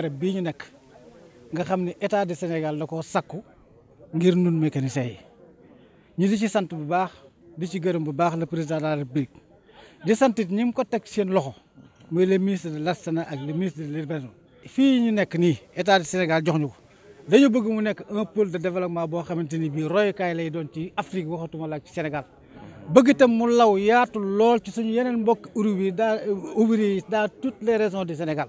barab bi ñu nek nga xamni état de Sénégal lako sakku ngir ñun mécanicien yi ñu di ci sante bu baax di ci gëreum bu baax le président de la république di sante ñi ko tek seen loxo muy le ministre de l'artisanat ak le ministre de l'urbanisme fi ñu nek ni état de Sénégal jox ñu dañu bëgg mu nek un pôle de développement bo xamanteni bi roy kay lay doon ci Afrique waxatuma la ci Sénégal bëgg tam mu law yaatu lool ci suñu yeneen mbokk ouvrier da daa ouvrier yi toutes les régions du Sénégal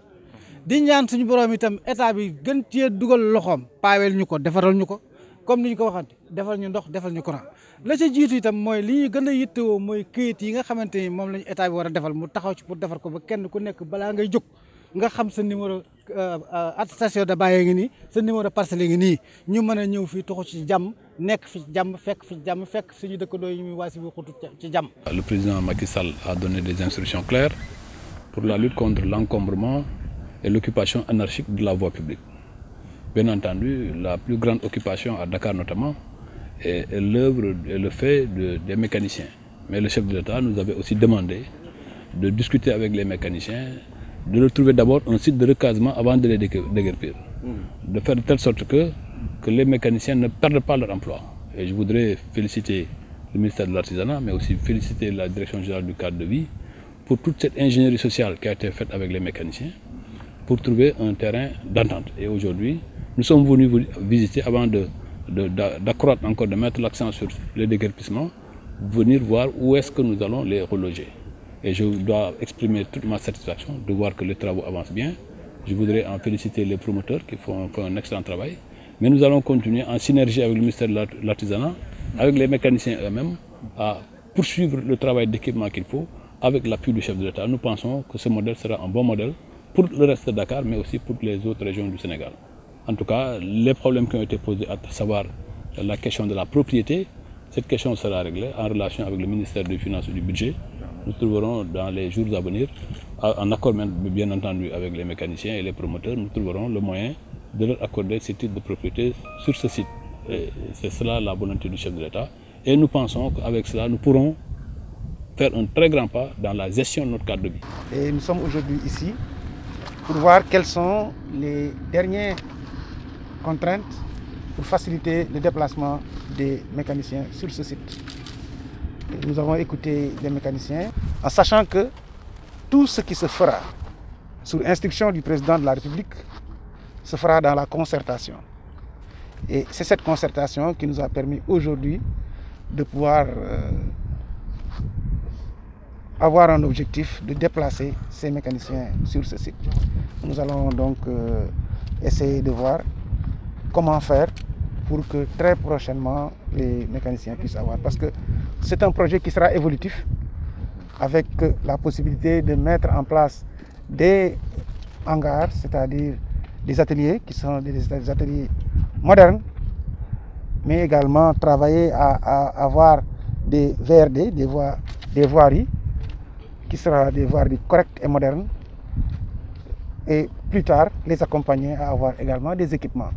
di ñaan suñu borom itam état bi gën cee dugal loxom pawel ñuko défaral ñuko comme ni ñu ko waxante defal ñu ndox defal ñu courant la ci jitu itam moy li ñuy gën a yittewoo mooy këyit yi nga xamanteni mom lañu état bi wara a mu taxaw ci pour défar ko ba kenn ku nekk bala ngay juk nga xam sa numéro euh, euh, attestation de baye ngi ni sa numéro parcelle ngi ni ñu mëna ñëw fi toxu ci jàmm nekk fi jàmm fekk fi jàmm fekk suñu dëkkandoo yi muy wasi si bu xutu ci jàmm. Le président Macky Sall a donné des instructions claires pour la lutte contre l'encombrement et l'occupation anarchique de la voie publique. Bien entendu, la plus grande occupation à Dakar notamment est, l'œuvre et le fait des mécaniciens. Mais le chef de l'État nous avait aussi demandé de discuter avec les mécaniciens, de retrouver trouver d'abord un site de recasement avant de les déguerpir. De faire de telle sorte que, que les mécaniciens ne perdent pas leur emploi. Et je voudrais féliciter le ministère de l'Artisanat, mais aussi féliciter la Direction générale du cadre de vie pour toute cette ingénierie sociale qui a été faite avec les mécaniciens pour trouver un terrain d'entente. Et aujourd'hui, nous sommes venus visiter avant d'accroître de, encore, de mettre l'accent sur les déguerpissements, venir voir où est-ce que nous allons les reloger. Et je dois exprimer toute ma satisfaction de voir que les travaux avancent bien. Je voudrais en féliciter les promoteurs qui font, font un excellent travail. Mais nous allons continuer en synergie avec le ministère de l'Artisanat, avec les mécaniciens eux-mêmes, à poursuivre le travail d'équipement qu'il faut avec l'appui du chef de l'État. Nous pensons que ce modèle sera un bon modèle pour le reste de Dakar, mais aussi pour les autres régions du Sénégal. En tout cas, les problèmes qui ont été posés, à savoir la question de la propriété, cette question sera réglée en relation avec le ministère des Finances et du Budget. Nous trouverons dans les jours à venir, en accord bien entendu avec les mécaniciens et les promoteurs, nous trouverons le moyen de leur accorder ces titres de propriété sur ce site. C'est cela la volonté du chef de l'État. Et nous pensons qu'avec cela, nous pourrons faire un très grand pas dans la gestion de notre cadre de vie. Et nous sommes aujourd'hui ici pour voir quelles sont les dernières contraintes pour faciliter le déplacement des mécaniciens sur ce site. Nous avons écouté les mécaniciens en sachant que tout ce qui se fera sous instruction du président de la République se fera dans la concertation. Et c'est cette concertation qui nous a permis aujourd'hui de pouvoir euh, avoir un objectif de déplacer ces mécaniciens sur ce site. Nous allons donc euh, essayer de voir comment faire pour que très prochainement les mécaniciens puissent avoir. Parce que c'est un projet qui sera évolutif avec euh, la possibilité de mettre en place des hangars, c'est-à-dire des ateliers qui sont des ateliers modernes, mais également travailler à, avoir des VRD, des, voies, des voiries, qui sera des voies correctes et modernes, et plus tard les accompagner à avoir également des équipements.